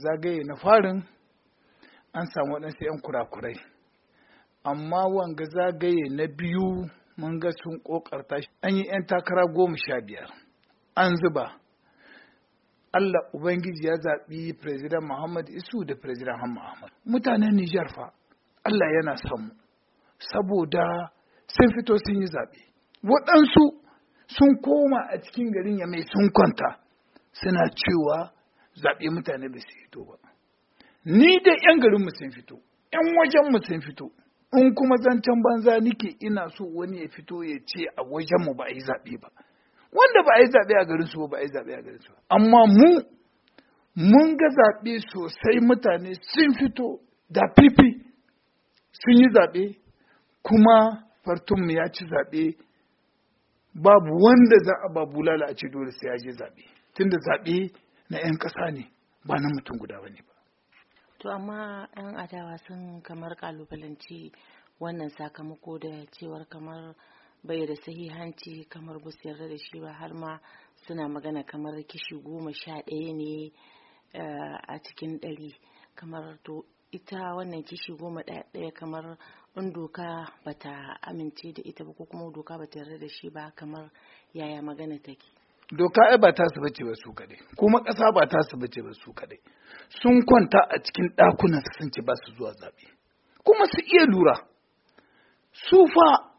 zagaye na farin an samu waɗansu 'yan kurakurai amma wanga zagaye na biyu mun ga sun ƙoƙarta an yi 'yan takara goma sha biyar an zuba Allah Ubangiji ya zaɓi Firajidan Muhammad Isu da Firajidan Hamma Ahmad. Mutanen Nijar fa, Allah yana samu, saboda sun fito sun yi zaɓe. Waɗansu sun koma a cikin garin ya mai sun kwanta, suna cewa zaɓe mutane da su fito ba ni da yan garinmu sun fito yan wajenmu sun fito in kuma zancen banza nike ina so wani ya fito ya ce a wajenmu ba a yi zaɓe ba wanda ba a yi zaɓe a garinsu ba ba a yi zaɓe a garinsu ba amma mu mun ga zaɓe sosai mutane sun fito da fifi sun yi zaɓe kuma fartunmu ya ci zaɓe babu wanda za a babu lalace a dole sai ya je zaɓe tunda zaɓe na 'yan ƙasa ne ba na mutum guda ba ne ba. To amma 'yan adawa sun kamar kalubalanci wannan sakamako da cewar kamar bai da sahihanci kamar ba su yarda da shi ba har ma suna magana kamar kishi goma sha ɗaya ne eh, a cikin ɗari kamar to ita wannan kishi goma ɗaya kamar in doka bata amince da ita ba ko kuma doka bata yarda da shi ba kamar yaya magana take. doka ba ta su bace ba su kadai kuma ƙasa ba ta su bace ba su kadai sun kwanta a cikin ɗakunan sun ce ba su zuwa zaɓe kuma su iya lura su fa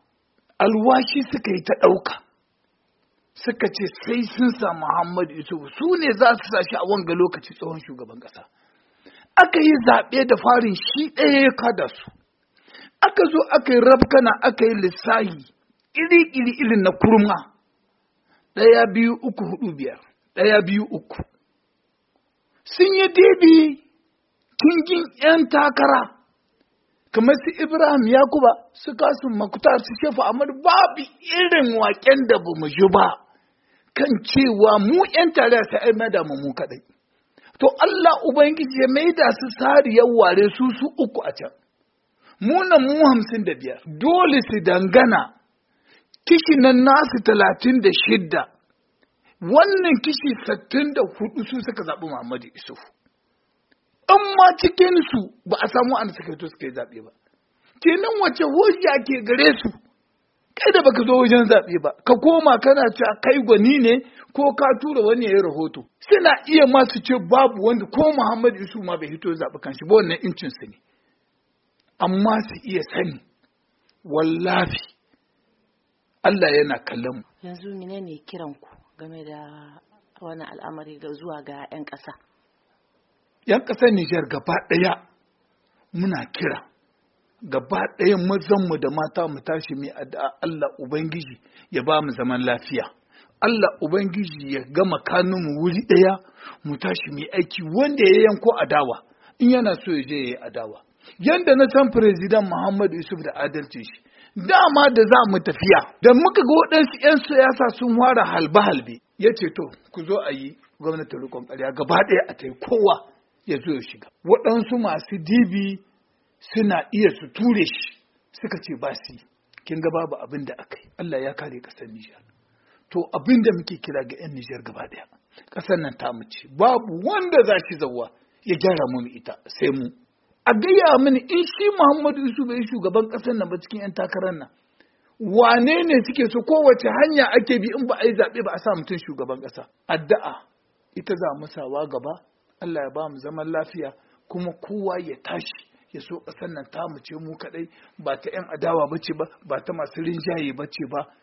alwashi suka yi ta ɗauka suka ce sai sun sa Muhammad Yusuf su ne za su sa shi a wanga lokaci tsohon shugaban ƙasa aka yi zaɓe da farin shi ɗaya ya kada su aka zo aka yi rabkana aka yi lissahi iri-iri irin na kurma ɗaya biyu uku hudu biyar ɗaya biyu uku sun yi daidai kingin 'yan takara kamar su ibrahim yakuba su kasu makuta su shafa amma babu irin waken da ba mu ji ba kan cewa mu 'yan tare ta ai da mu kadai to allah ubangiji ya da su ya ware su su uku a can mu nan mu hamsin da biyar dole su dangana kishi nan nasu talatin da shidda wannan kishi sattin da hudu su suka zaɓi Muhammadu Isufu. In ma cikinsu ba a samu an suka fito suka yi zaɓe ba. Ke nan wace hujja ke gare su kai da baka zo wajen zaɓe ba ka koma kana a kai gwani ne ko ka tura wani ya yi rahoto suna iya masu ce babu wanda ko Muhammadu Isu ma bai hito zaɓi kanshi ba wannan incin su ne amma su iya sani wallafi Allah yana kallon mu yanzu ne kiran ku game da wani al'amari ga zuwa ga 'yan ƙasa 'yan ƙasar Nijar gaba ɗaya muna kira gaba ɗaya mu da mata mu tashi mai addu'a Allah Ubangiji ya ba mu zaman lafiya. Allah Ubangiji ya gama mu wuri ɗaya mu tashi mai aiki wanda ya yanko adawa in yana so ya je ya yi adawa. Yanda na san Firezidan Muhammadu Yusuf da adalci shi, dama da za mu tafiya da muka ga waɗansu 'yan siyasa sun ware halbe-halbe ya ce to ku zo a yi gwamnatin rikon ƙarya gaba ɗaya a tai kowa ya zo ya shiga waɗansu masu dibi suna iya su ture shi suka ce ba su kin ga babu abin da aka yi Allah ya kare ƙasar Nijar to abin da muke kira ga 'yan Nijar gaba ɗaya ƙasar nan ta mace babu wanda za shi zawa ya gyara mu ita sai mu a gaya mini in shi Muhammadu isu bai shugaban ƙasar nan ba cikin 'yan takarar nan wane ne suke so kowace hanya ake bi in ba a yi zaɓe ba a sa mutum shugaban ƙasa addu'a ita za mu sawa gaba Allah ya ba mu zaman lafiya kuma kowa ya tashi ya so ƙasar nan ta mu ce mu kaɗai ba ta 'yan adawa ba ce ba ba ta masu rinjaye ba ce ba